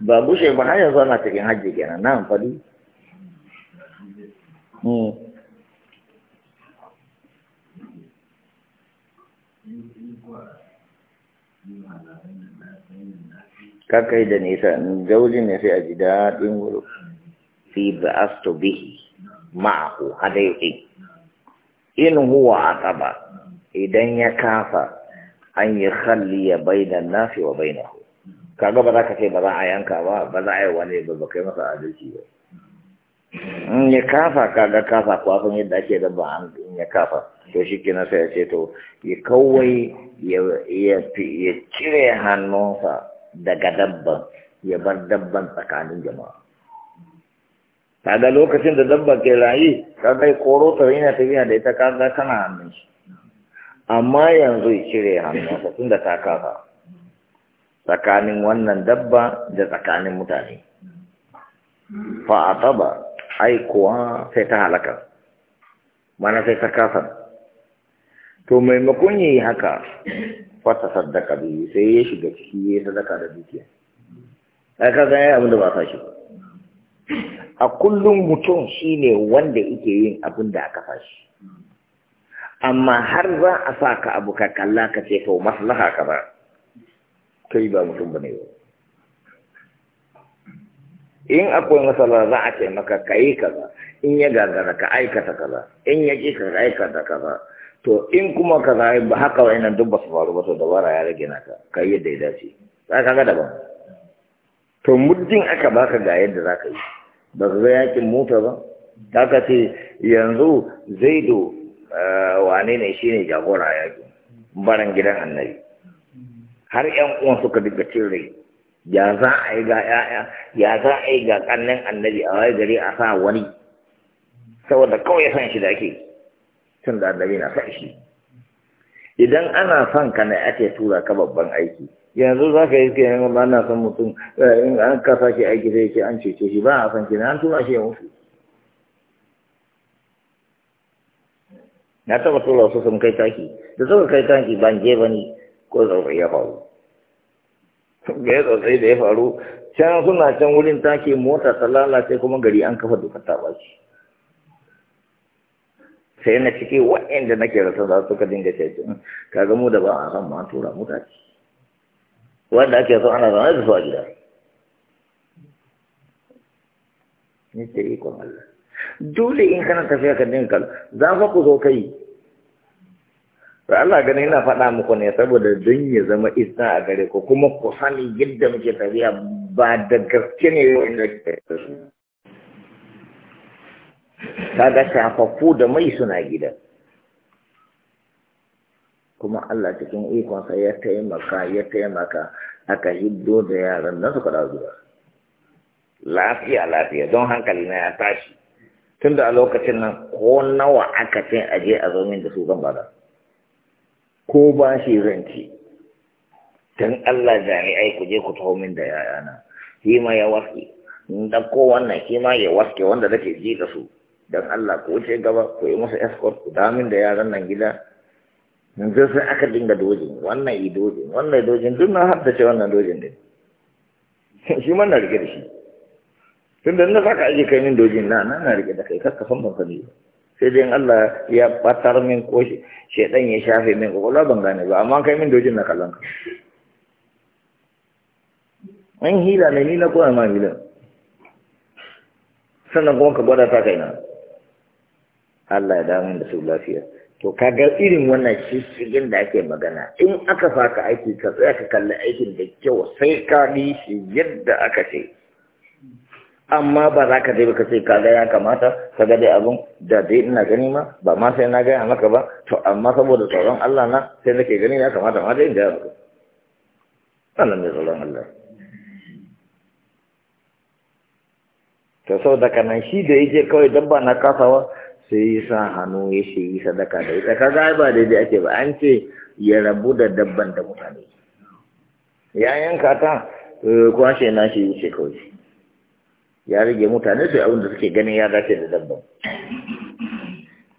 ba bushe ba har yanzu ana cikin hajji kenan na amfani hmm. kakai da nisa jauli ne sai a ji daɗin wuri fi ba'astu bihi ma'ahu hadai'i in huwa aqaba idan ya kafa an yi ya bai da nasi wa bainahu kaga ba za ka ce ba za a yanka ba ba za a yi wani ba ba kai masa adalci ba in ya kafa kaga kafa kuwa sun yadda ake dabba an in ya kafa to shi kina sai ya ce to ya kawai ya cire hannunsa daga dabban ya bar dabban tsakanin jama'a kaga lokacin da dabban ke rayu kaga koro ta yana tafiya da ita kaga kana hannun shi amma yanzu ya cire hannunsa tun da ta kafa tsakanin wannan dabba da tsakanin mutane Fa a ai kuwa sai ta halaka mana sai ta kasa to maimakon yi haka fata sadaka biyu sai ya shiga ciki ya sadaka da dukiya ai ka gaya abin ba sa shi a kullum mutum shine wanda yake yin abin da aka fashi amma har za a sa ka abu ka kalla ka ce to maslaha ka ba kai ba mutum ba ne ba in akwai matsala za a ce maka ka yi kaza in ya gagara ka aikata kaza in ya ƙi ka aikata kaza to in kuma kaza ba haka wa inan duk ba su faru ba to dabara ya rage naka ka yi yadda ya dace za ka ga daban to muddin aka baka ga yadda za ka yi ba ka ga yakin mota ba za ka ce yanzu zaido eh, wane ne shi ne jagora yakin barin gidan annabi har yan uwan suka duka cin rai ya za a yi ga ya'ya ya za a yi ga ƙannen annabi a wai gari a sa wani saboda kawai san shi da ake tun da annabi na sa shi idan ana son ka na ake tura ka babban aiki yanzu za ka yi ke yin ba na son mutum eh, in an kasa shi aiki sai ce an cece shi ba a san ke na an tura shi ya mutu na taba tura wasu sun kai taki da suka kai taki ban je ba ni ko zaure ya faru ga ya tsatsai da ya faru can suna can wurin take mota ta lalace kuma gari an kafa dokar ta baki sai na cike waɗanda nake rasa za su ka dinga cece hmm, Ka mu da ba a san ma tura mota ce. wanda ake so ana zaune da su a gida ni ce ikon Allah dole in kana tafiya ka dinga za fa ku zo kai to Allah ganin, ina faɗa muku ne saboda don ya zama isa a gare ku kuma ku sani yadda muke tafiya ba da gaske ne yau inda kaga shafafu da mai suna gida kuma Allah cikin ikonsa ya taimaka ya taimaka aka hiddo da yaran nan suka da zuwa lafiya lafiya don hankali na ya tashi tunda a lokacin nan ko nawa aka ce aje a zo da su zan ba su ko ba shi ranci don Allah jami'ai ku je ku taho min da yayana shi ma ya waske in ɗauko wannan shi ma ya waske wanda nake ji da su don Allah ku wuce gaba ku yi masa escort ku damin da yaran nan gida yanzu sai aka dinga dojin wannan yi dojin wannan yi dojin duk na haddace wannan dojin din shi ma na rike da shi tun da na saka aje kai min dojin na na rike da kai kakka san ban sani ba sai dai Allah ya batar min ko shedan ya shafe min kokola ban gane ba amma kai min dojin na kallon ka an hila ne ni na kowa ma hila sannan kuma ka gwada ta kai na. Allah ya damu da su lafiya to ka ga irin wannan shishigin da ake magana in aka faka aiki ka tsaya ka kalli aikin da kyau sai ka bi shi yadda aka ce amma ba za ka dai ka ce ka ga ya kamata ka ga dai abun da dai ina gani ma ba ma sai na gaya maka ba to amma saboda tsoron Allah na sai nake gani ya kamata ma dai in gaya maka Allah mai tsoron Allah to sau da kanan shi da yake kawai dabba na kasawa sai ya sa hannu ya shi yi sadaka da ita ka ga ba daidai ake ba an ce ya rabu da dabban da mutane ya yanka ta eh, kwashe na shi ce kawai ya rage mutane su abin da suke ganin ya dace da dabban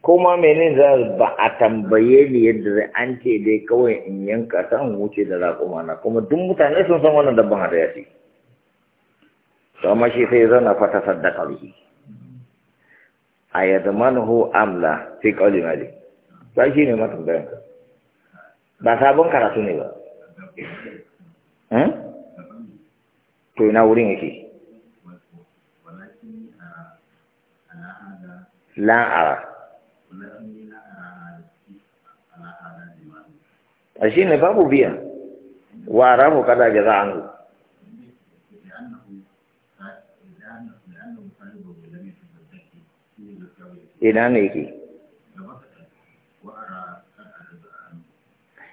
kuma mene za ba a tambaye ni yadda zai an ce dai kawai in yanka ta an wuce da raƙuma na kuma duk mutane sun san wannan dabban har ya ce amma shi sai zana fata saddaka ruhi a ya ho amla fi ƙauli mali ba shi ne matambayan ka ba sabon karatu ne ba hmm? to ina wurin yake لا أرى أشي نفاب بيا وأراه كذا جزاء عنه إلى نيكي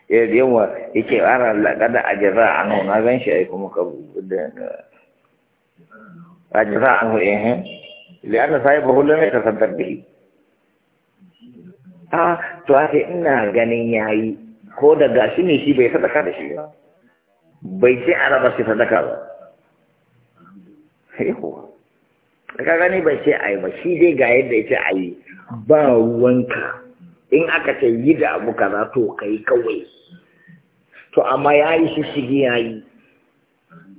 ya yawa yake ara kada a jira a nan na gan shi ai kuma ka a jira an hu eh لأن صاحبه لم يتصدق به آه تعرفي إن غني ko da gashi ne shi bai sadaka da shi ba bai ce a raba shi sadaka ba sai kuwa ka gani bai ce a yi ba shi dai ga yadda ya ce a yi ba ruwanka in aka ce yi da abu kaza to ka yi kawai to amma ya yi shi shigi ya yi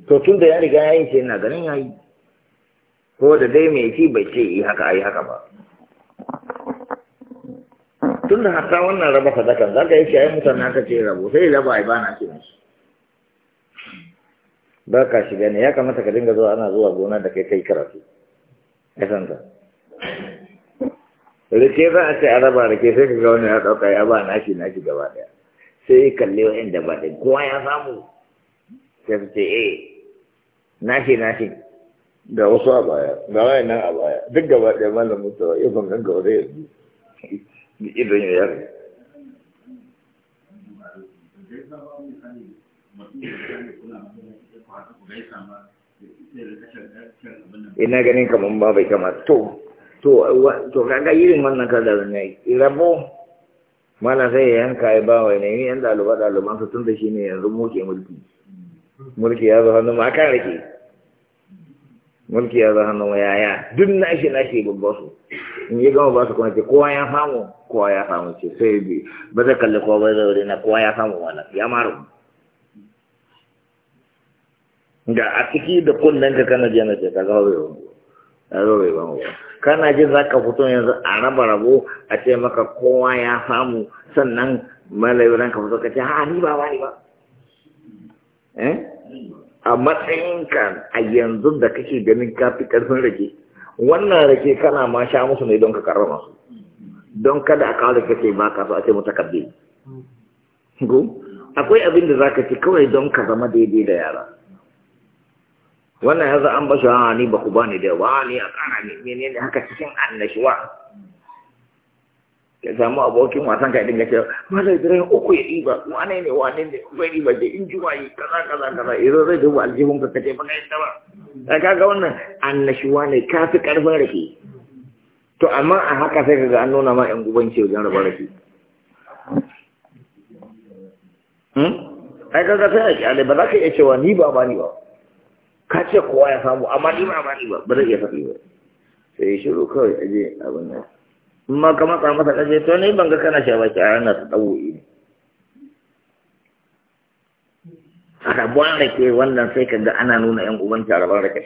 to tun da ya riga ya yi ce ina ganin ya yi ko da dai mai shi bai ce yi haka ayi haka ba tun da hatta wannan raba sadakan za ka yi shayin mutane aka ce rabo sai raba ai bana ce musu ba ka shiga ne ya kamata ka dinga zuwa ana zuwa gona da kai kai karatu ya san ta rike za a ce a raba rike sai ka ga wani ya ɗauka ya ba nashi shi gaba ɗaya sai kalle wa'in da ba ɗin kowa ya samu sai su ce eh na shi da wasu a baya ga wani nan a baya duk gaba ɗaya malam mustawa ya ban ganga wa zai da idon ya yare ina ganin kamar ba bai kama to to to kaga irin wannan kada ne rabo mana sai ya yanka ya ba wai ne yan daluba ɗaliban su tun da shine yanzu muke mulki mulki ya zo hannu ma kan rike mulki ya zama na yaya duk nashi nashi babba su in yi gama ba su kuma ce kowa ya samu kowa ya samu ce sai bi ba zai kalli kowa bai zaure na kowa ya samu wala ya mara ga a ciki da kunnen ka kana jiya na ce ka gawa bai wani ya zo bai wani kana ji za ka fito yanzu a raba rabo a ce maka kowa ya samu sannan malayi ka fito ka ce ha ni ba ba ni ba eh a matsayinka a yanzu da kake ganin kafi karfin rake wannan rake kana ma sha musu ne don ka karrama su don kada a kawo da kake ba ka so a ce mu takabbi go akwai abin da zaka ci kawai don ka zama daidai da yara wannan yanzu an ba shi ah, ni ba ku bani da yawa ni a kana ne ne haka cikin annashuwa ya samu abokin wasan ka dinga cewa mala ibrahim uku ya ɗiba wane ne wane ne uku ya ɗiba da in juwa yi kaza kaza kaza idan zai duba aljihun ka kace baka yadda ba da kaga wannan annashuwa ne ka fi karfin rake to amma a haka sai kaga an nuna ma yan gubanci wajen rabar rake hmm? ai kaga sai a kyale ba za ka iya cewa ni ba ba ni ba ka ce kowa ya samu amma ni ba ba ni ba ba zai iya faɗi ba sai shiru kawai aje abin nan in ma ka matsa masa ƙarfi to ne banga ga kana sha baki a ranar ta ɗauwa'i ne a rabon rake wannan sai ka ga ana nuna yan ubanci a rabon rake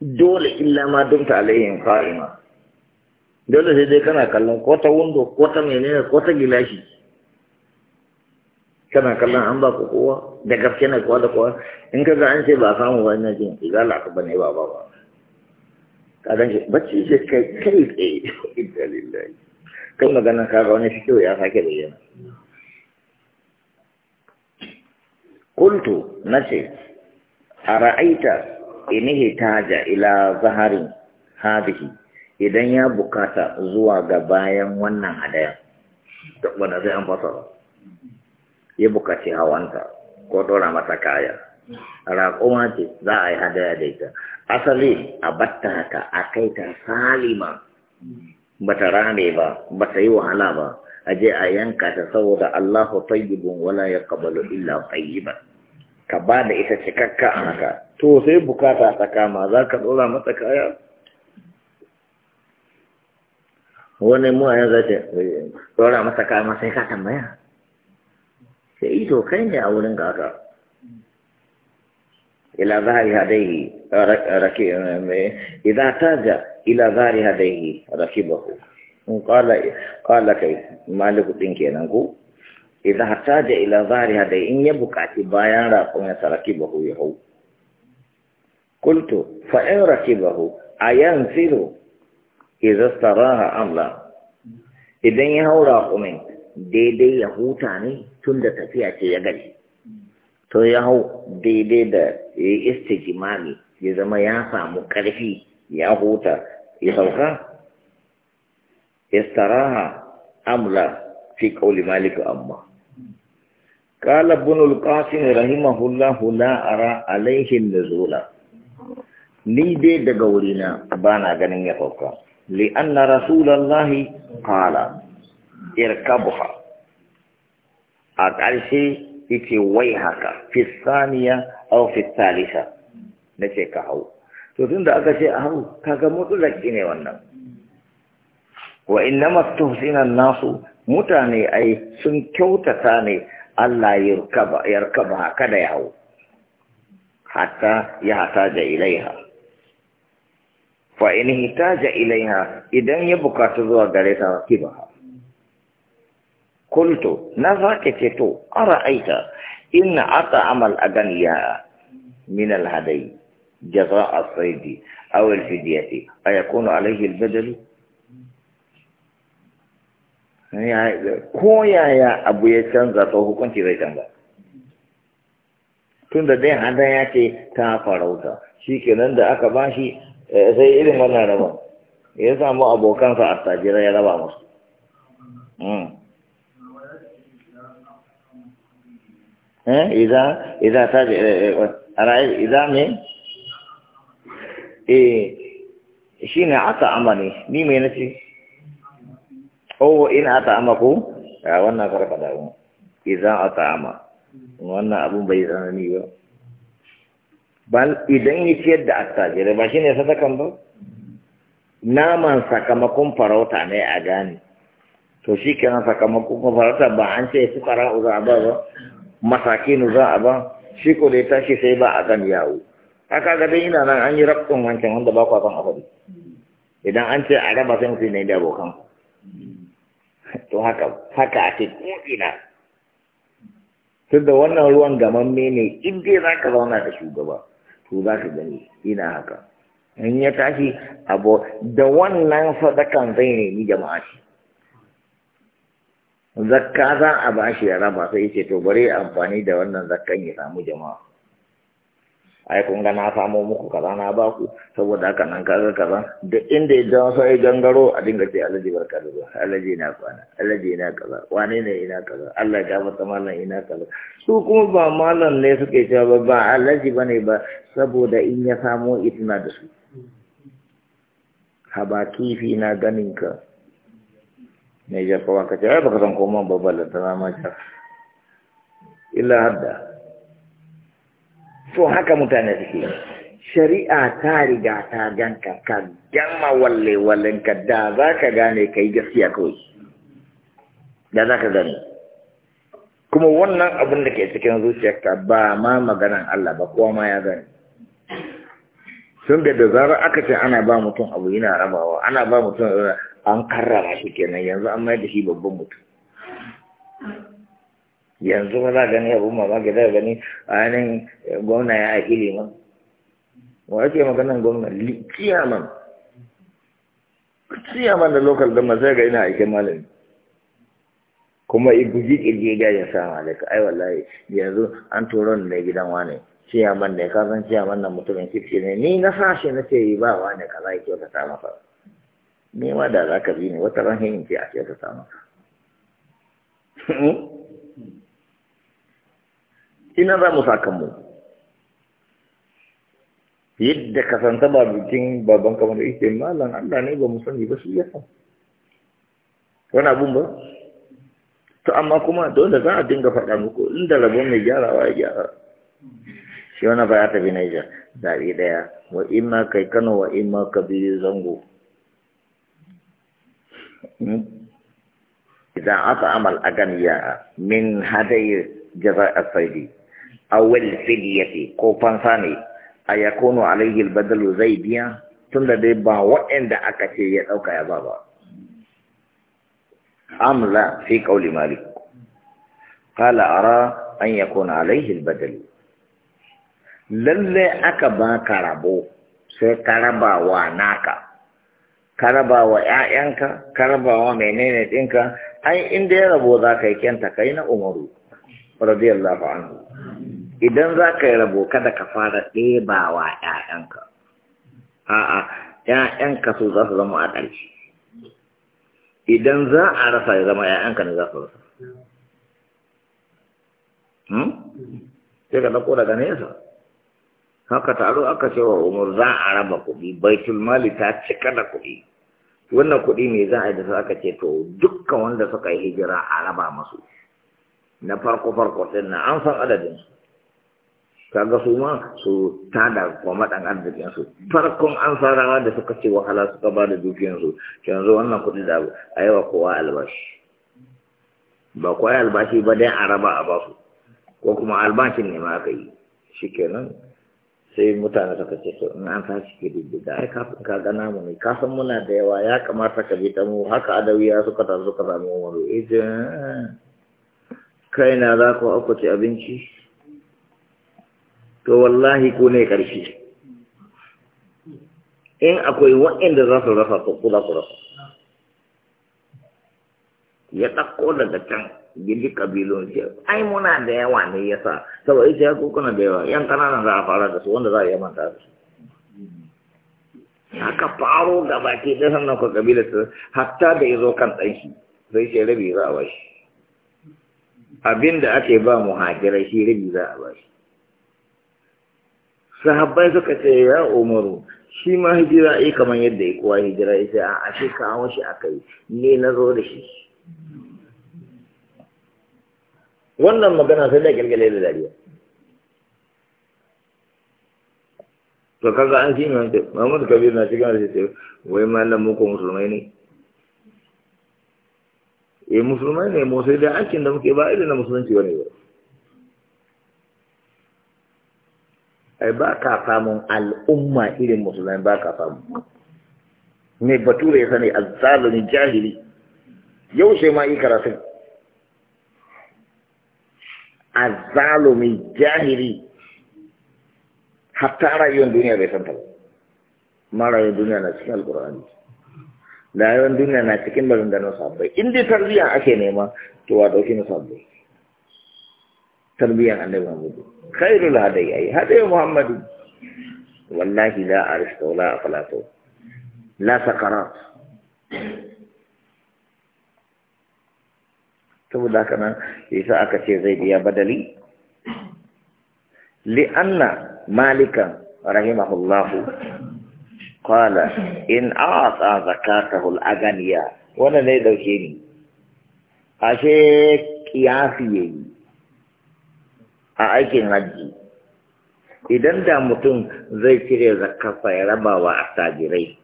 dole illa ma don ta alayhin fa'ima dole sai dai kana kallon ko ta wundo ko ta menene ko ta gilashi kana kallon an ba ku kowa da gaske na kowa da kowa in ka ga an ce ba samu ba ina jin igala ka bane ba ba ba kaga bacci ce kai kai tsaye lillahi kai ka ga wani fito ya sake bayyana kuntu nace a ra'aita inihi taja ila zahari hadihi idan ya bukata zuwa ga bayan wannan hadaya da sai an fasa ya bukaci hawanta ko dora masa kaya raƙuma ce za a yi hadaya da ita asali a batta haka a kai ta salima ba ta rame ba ba ta yi wahala ba a je a yanka ta saboda Allahu tayyibun wala ya kabalu illa tayyiban ka ba da ita cikakka a haka to sai bukata ta kama za ka ɗora mata kaya wani mu za ta ce ɗora mata kaya ma sai ka tambaya sai ito kai ne a wurin gaka إلى ظهر هديه ركي... إذا احتاج إلى ظهر هديه ركبه قال قال كيف مالك الدين كينانكو إذا احتاج إلى ظهر هديه إن يبقى بيان رقم ركبه يهو قلت فإن ركبه أينزل إذا استراها أم لا إذن يهو رقم daidai ya huta ne tun da tafiya ce ya gari to ya hau daidai da ya yi ya zama ya samu ƙarfi ya huta ya sauka istaraha amla fi ƙauli maliku amma Ƙala bunul القاسم رحمه الله لا أرى da ni dai daga wurina ba na ganin ya sauka li'anna rasulallahi irka buha a ƙarshe ita wai haka Fisaniya saniya aw fi ce nace ka hau to da aka ce a hau kaga mutlaki ne wannan wa innama tuhsina nasu mutane ai sun kyautata ne Allah yarkaba yarkaba kada ya hau hatta ya da ilaiha fa in hitaja ilaiha idan ya bukatu zuwa gare ta kibaha kultu na ka ce to ara'aita ina ata amal a gan ya. Minal hadai, jaza a min alhadai جزاء الصيد a ya kuna alaihi albadalu ko yaya abu ya canza to hukunci zai canza tun da dai hada ya ce ta farauta shi kenan da aka bashi sai irin wannan rabon ya samu abokansa a attajirai ya raba musu إذا إذا تاج إذا من me شين عطى أماني مين مينتي أو إن عطى أمكو وانا فرق داو إذا عطى أما وانا أبو بيزاني يو bal idan ya ciyar da attajirai ba shine sadakan ba naman sakamakon farauta ne a gane to shi kenan sakamakon farauta ba an ce su fara uza ba ba masakinu za a ba shi ko da ya tashi sai ba a kan yawo haka ga dai ina nan an yi rabtun wancan wanda ba ku kan afadi idan an ce a raba sai ku ne da abokan to haka haka a ce ko ina tun da wannan ruwan me ne in dai za ka zauna da shugaba to za ka gani ina haka in ya tashi abu da wannan sadakan zai ne ni jama'a shi zakka za a ba shi ya raba sai ce to bari amfani da wannan zakkan ya samu jama'a ai kun ga na samo muku kaza na ba ku saboda haka nan kaza kaza duk inda ya jawo sai gangaro a dinga ce alaji barka da zuwa alaji na kwana alaji na kaza wane ne ina kaza Allah ya masa mallan ina kaza su kuma ba mallan ne suke cewa ba ba alaji bane ba saboda in ya samo itina da su haba kifi na ganin ka mai jarkowa ka ce ai san koma babban lantana ma jar illa hadda to haka mutane suke shari'a ta riga ta ganka ka gama walle wallen ka da za ka gane kai gaskiya kawai da za ka gane kuma wannan abin da ke cikin zuciyarka ba ma maganan Allah ba kowa ma ya gane sun da da zarar aka ce ana ba mutum abu yana rabawa ana ba mutum an karrama shi kenan yanzu an mai da shi babban mutum yanzu ba za gani abin mamaki za gani a yanin gwamna ya haƙi liman wa ake maganin gwamna ciyaman ciyaman da lokal don masu ga ina aikin malami kuma iguji ƙirji ga ya sa malaka ai wallahi yanzu an turon da gidan wane ciyaman ne kasan ciyaman na mutumin kirki ne ni na sashe na ce yi ba wane kaza ya ta masa nema da za ka bi wata ran hanyar ke a ce ta samu hmm? ina za mu sa kanmu yadda ka san taba bikin baban kamar da ike malam Allah ne ba mu sani ba su ya san wani abun ba to amma kuma dole za a dinga faɗa muku inda rabon mai gyarawa ya gyara shi wani ba ya tafi Niger zaɓe ɗaya wa ma kai Kano wa ma ka biyu zango Hmm? إذا أطعم الأغنياء من هدي جزاء الصيد أو الفدية كوبان ثاني أيكون عليه البدل زي بيا دبا وإن دعك أكتشي أو كيا بابا أم لا في قول مالك قال أرى أن يكون عليه البدل للي أكبا كربو سيكربا وناكا ka raba wa ƴaƴanka ka raba wa menene ɗinka ai inda ya rabo za ka yi kyanta ka yi na umaru radiyallahu anhu idan za ka yi rabo kada ka fara ɗeba wa ƴaƴanka a'a ƴaƴanka su za su zama a ƙarshe idan za a rasa ya zama ƴaƴanka ne za su rasa hmm? sai ka ɗauko daga nesa haka taro aka ce wa umar za a raba kuɗi baitul mali ta cika da kuɗi wannan kuɗi mai za a yi da su aka ce to dukkan wanda suka yi hijira a raba masu na farko farko sai na an san adadin su kaga su ma su tada kuma ɗan arzikin su farkon an sarawa da suka ce wahala suka ba da dukiyan su yanzu wannan kuɗi da a yi wa kowa albashi ba kowa albashi ba dai a raba a basu ko kuma albashin ne ma aka yi shikenan sai mutane suka ce so in an tashi ke diddiga ai kafin ka gana mu ne kafin muna da yawa ya kamata ka bi ta mu haka adawiya suka taru suka samu umaru ita eh, kai na za ku aka ci abinci to wallahi ku ne ƙarfi in akwai wa'inda za su rasa su kula su rasa ya ɗauko daga can gidi kabilun ce ai muna da yawa ne yasa saboda ita ya kuna da yawa yan kananan za a fara da su wanda za a yi manta da su haka faro ga baki da sannan ku kabilar ta hatta da yazo kan ɗanki, sai ce rabi za a bashi abinda ake ba muhajirai shi rabi za a bashi sahabbai suka ce ya umaru shi ma hijira yi kamar yadda ya kowa hijira ya ce a ashe kawo shi aka yi ne na zo da shi wannan magana sai dai kirkire da dariya to kaga an shi mai Muhammad Kabir na cikin da ce wai malam mu ko musulmai ne E musulmai ne mu sai da akin da muke ba irin na musulunci bane ba ai ba ka famun al'umma irin musulmai ba ka famu. ne bature ya sani azzalun jahili yau sai ma yi karatu azalumi jahili hatta rayuwar duniya bai san ta ba ma rayuwar duniya na cikin alkur'ani rayuwar duniya na cikin maganganun sabbai in dai tarbiyya ake nema to wa dauki na sabbai tarbiyyan annabi muhammadu khairul hadai ai hadai muhammadu wallahi la arsta wala aflato la sakarat saboda haka nan yasa aka ce zai biya badali li'anna malikan rahimahullahu qala in a'ta zakatahu al-aganiya wannan ne dauke ni ashe kiyafi yayi a aikin hajji idan da mutum zai cire zakafa ya raba wa attajirai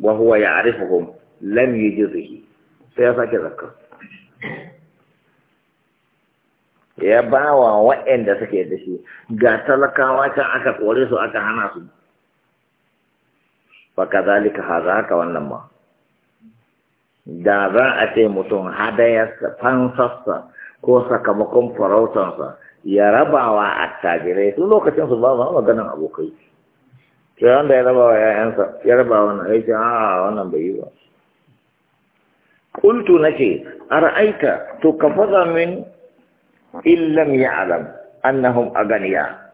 wa huwa ya'rifuhum lam yujzihi sai ya sake zakka ya ba wa waɗanda suke da shi ga talakawa can aka kore su aka hana su Ba fa kazalika haza haka wannan ma da za a ce mutum hadayarsa fansarsa ko sakamakon farautarsa ya rabawa tajirai su lokacin su ba ma maganin abokai sai wanda ya rabawa ‘ya'yansa ya rabawa wannan ya a wannan bai yi ba kultu nake ar'aita to ka faza min illam ya'lam annahum aganiya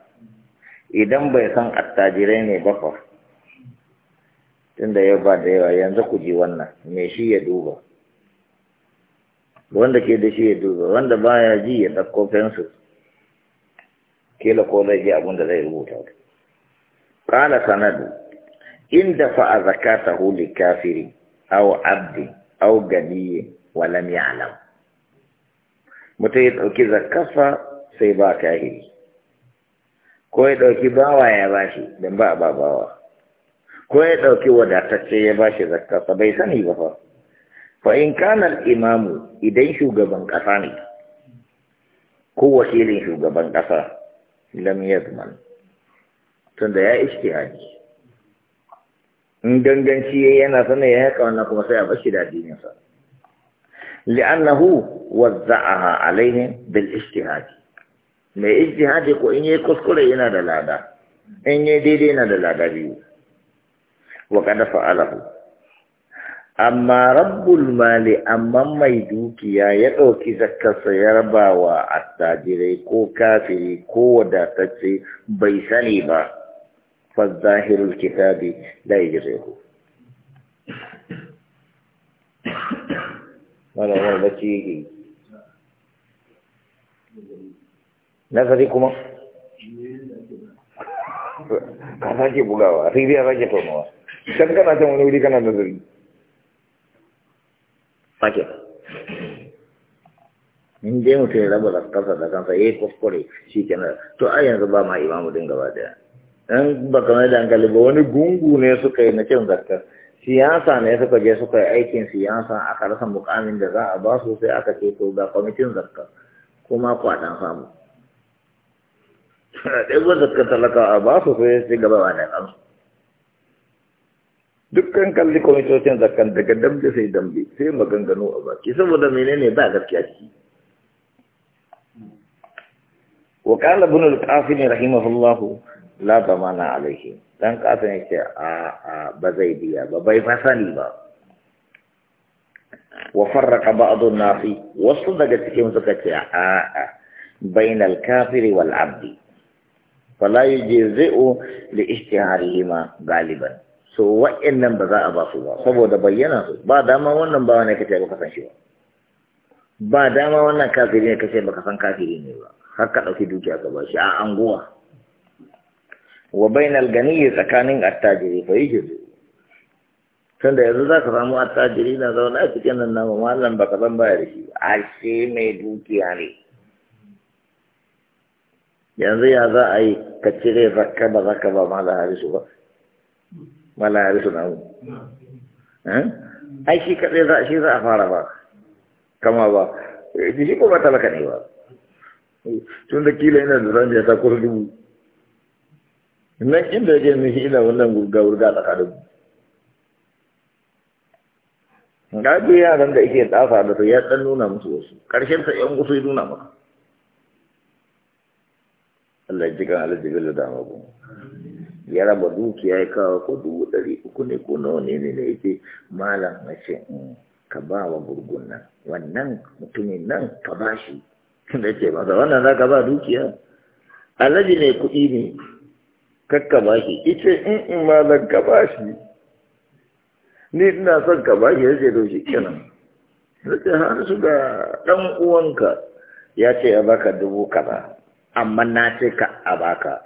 idan bai san attajirai ne ba fa tunda ya ba da yawa yanzu ku ji wannan me shi ya duba wanda ke da shi ya duba wanda baya ji ya ɗauko fensu kila ko zai ji abin da zai rubuta qala sanadu inda fa'a zakatahu kafiri aw abdi aw gadi wa lam ya'lam mutum ya ɗauki zakarsa sai ba kahiri ko ya ɗauki bawa ya bashi don ba a ba bawa ko ya ɗauki wadatacce ya bashi zakarsa bai sani ba fa fa in kanar imamu idan shugaban ƙasa ne ko wakilin shugaban ƙasa lam yazman tunda ya ishtihadi in ganganci yana sanar ya haka wannan kuma sai a bashi da addininsa لأنه وزعها عليهم بالاجتهاد mai ijtihadi ko in yi kuskure yana da lada in yi daidai yana da lada biyu wa qad fa'alahu amma rabbul mali amma mai dukiya ya ɗauki zakkarsa ya wa attajirai ko kafiri ko wadatacce bai sani ba fa zahirul kitabi la yajrihu ci yi bacci yake nazari kuma ka sake bugawa sai dai sake tonowa can kana can wani wuri kana nazari sake in dai mutum ya raba kasa da kansa ya yi kuskure shi kenan to a yanzu ba ma imamu din gaba daya dan ba kamar da ba wani gungu ne suka yi na cin zakar siyasa ne suka je suka yi aikin siyasa aka rasa mukamin da za a ba su sai aka ce to ga kwamitin zakka kuma dan samu ɗaiwa zakka talaka a ba su sai sai gaba ba da kansu dukkan kalli kwamitocin zakkan daga dambe sai dambe sai maganganu a baki saboda menene ba gaskiya ciki وقال ابن القاسم رحمه الله لا ضمان عليه dan kafin ya ce a a ba zai biya ba bai sani ba wa farraqa ba'dun nasi wasu daga cikin suka ce a a bainal kafiri wal abdi fala yujzi'u li ma galiban so wa'annan ba za a ba su ba saboda bayyana su ba dama wannan ba wani kace ba kasan shi ba ba dama wannan kafiri ne kace ba kasan kafiri ne ba har ka dauki dukiya ka ba shi a anguwa wa bainal gani tsakanin attajiri fa yake tunda yanzu za ka samu attajiri na zaune a cikin nan namu mallam ba ka san ba da shi a ce mai dukiya ne yanzu ya za a yi ka cire zakka ba zakka ba lahari harisu ba mala harisu na mu eh? ai shi kaɗai za shi za a fara ba kama ba eh, shi ko ba talaka ne ba tun da kila yana da zan ya sa nan inda ya je mishi ina wannan gurga-gurga tsakanin mu ga yaran da ike tsafa da su ya dan nuna musu wasu karshen sa yan gusu nuna maka Allah ji kan Allah jibril da mako ya raba dukiya ya kawo ko dubu ɗari uku ne ko nawa ne ne yake malam na ce mm, ka ba wa gurgun nan wannan mutumin nan ka ba shi da ce masa wannan za ka ba dukiya alaji ne kuɗi ne kakka shi ita in in ma zan ka shi ni ina son ka ba shi ya ce doshi kenan sai har su ga dan uwanka ya ce 'Ya baka dubu kaza amma na ce ka a baka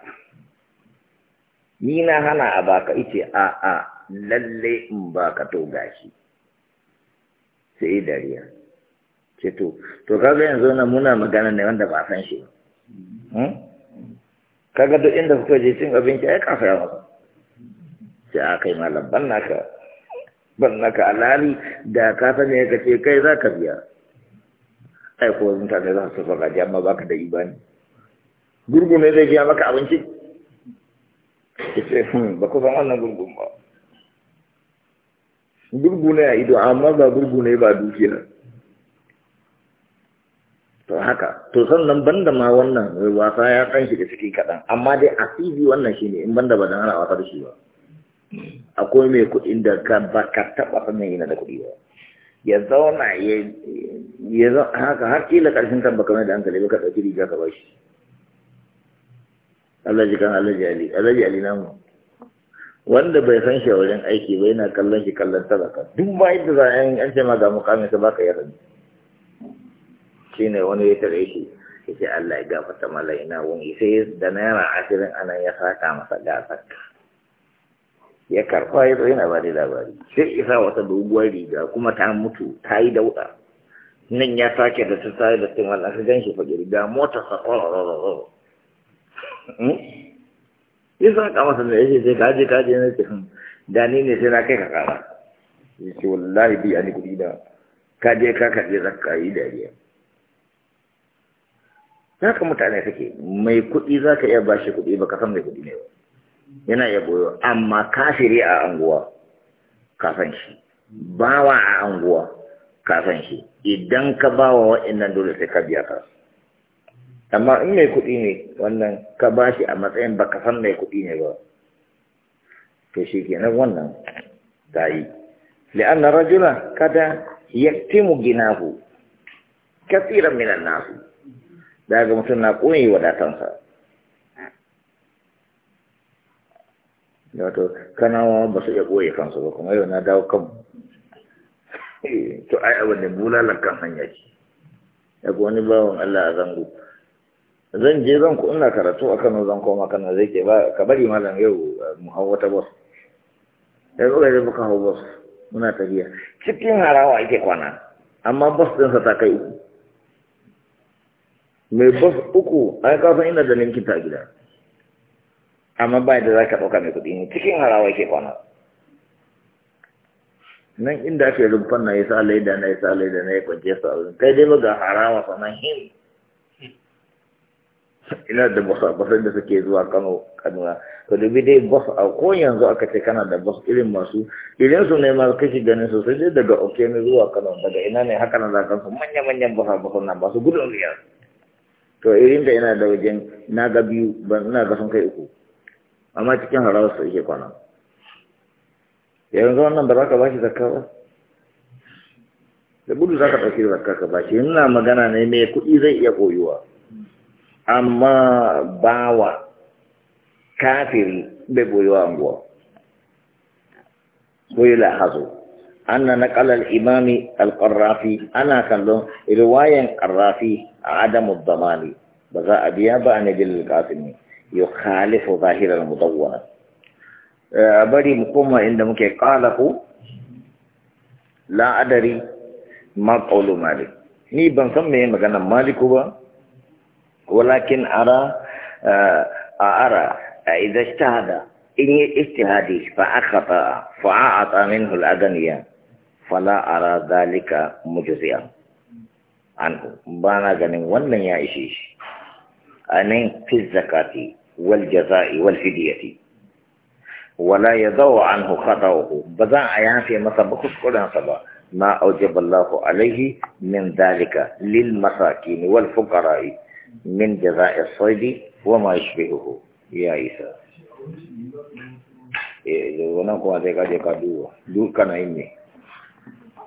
ni na hana a baka ice a a lalle in baka to gashi sai dariya ce to to kaga yanzu na muna magana ne wanda ba san shi hmm? kaga duk inda kuka je cin abinci ai kafa ya masa sai a kai malam ban naka ban naka alali da ka sani ka ce kai za ka biya ai ko mutane za su faga ji amma ka da ibani gurgu ne zai biya maka abinci ce hmm, ba ku san wannan gurgun ba gurgu ne a ido amma ba gurgu ne ba dukiya to haka to sannan banda ma wannan wasa ya kan shiga ciki kaɗan amma dai a asiri wannan shi ne, in banda ba dan ana wasa da shi ba akwai mai kuɗin da ka ba ka taɓa sannan yana da kuɗi ba ya zauna ya zauna haka har kila ƙarshen kan baka mai da hankali baka ɗauki riga ka bashi Allah ji kan Allah Ali Allah Ali namu wanda bai san shi a wajen aiki ba yana kallon shi kallon talaka duk ba yadda za a yi an ce ma ga mukamin ka baka yarda shine wani ya tare shi ce, Allah ya gafata mala ina wani sai da naira ashirin ana ya saka masa gasar ya karfa ya yana ba da labari sai isa wata doguwar riga kuma ta mutu ta yi dauda nan ya sake da ta sai da timal aka gan shi faɗi riga mota sa ƙwararrarrarrar oh, oh, oh, hmm? ya saka masa da ce sai kaje kaje na ce hmm, da ni ne sai na kai ka kara ya ce wallahi bi a ni kuɗi da kaje ka kaje zaka yi dariya haka mutane suke mai kuɗi za ka iya bashi kuɗi ba ka san mai kuɗi ne ba yana iya goyo amma kafiri a anguwa ka san shi bawa a anguwa ka san shi idan ka bawa waɗannan dole sai ka biya ka amma in mai kuɗi ne wannan ka bashi a matsayin ba ka san mai kuɗi ne ba to shi kenan wannan ta yi li'anna rajula kada yaktimu ginahu kasiran minan nasu daga mutum na ƙone wadatansa wato kanawa ba su iya ɓoye kansu ba kuma yau na dawo kan to ai abin da bulalar kan hanya ce daga wani bawan Allah a zango zan je zan ku ina karatu a Kano zan koma Kano zai ke ba ka bari malam yau mu hau wata bos Ya zo zai muka hau bos muna tafiya cikin harawa ake kwana amma bos ɗinsa ta kai uku mai bas uku ai kasan ina da linkita ta gida amma ba da za ka ɗauka mai kuɗi ne cikin harawa ke kwana nan inda ake rumfan na ya sa laida na ya sa laida na ya kwance sa wurin kai dai ga harawa sanan him ina da basa basar da suke zuwa kano kaduna ka dubi dai basa a ko yanzu aka ce kana da bas irin masu irin su ne ma kashi ganin su sai dai daga okene zuwa kano daga ina ne haka na za su manya manyan basa basa na masu gudun riyar to irin eh, da yana da wajen na ga biyu ban ina ga sun kai uku amma cikin harawar su yake kwana yanzu wannan ba za ka bashi zakka ba da gudu za ka ɗauki zakka ka bashi ina magana ne mai kuɗi zai iya koyuwa amma bawa kafiri bai koyuwa anguwa ko yi lahazo أن نقل الإمام القرافي أنا كان له رواية القرافي عدم الضمان بغاء أبيابا عن جل القاسم يخالف ظاهر المدونة آه، بڑی مقوم عندما قاله لا أدري ما قول مالك ني ban san مالك magana maliku أرى آه، أرى ara a ara idza ijtahada in ijtihadi fa فلا ارى ذلك مجزيا عنه بانا غني ون يا يعيش ان في الزكاه والجزاء والفديه ولا يضع عنه خطاه بذا ايا في مسبق كل سبا ما اوجب الله عليه من ذلك للمساكين والفقراء من جزاء الصيد وما يشبهه يا عيسى ايه لو انا قاعد قاعد قاعد دو كان ايني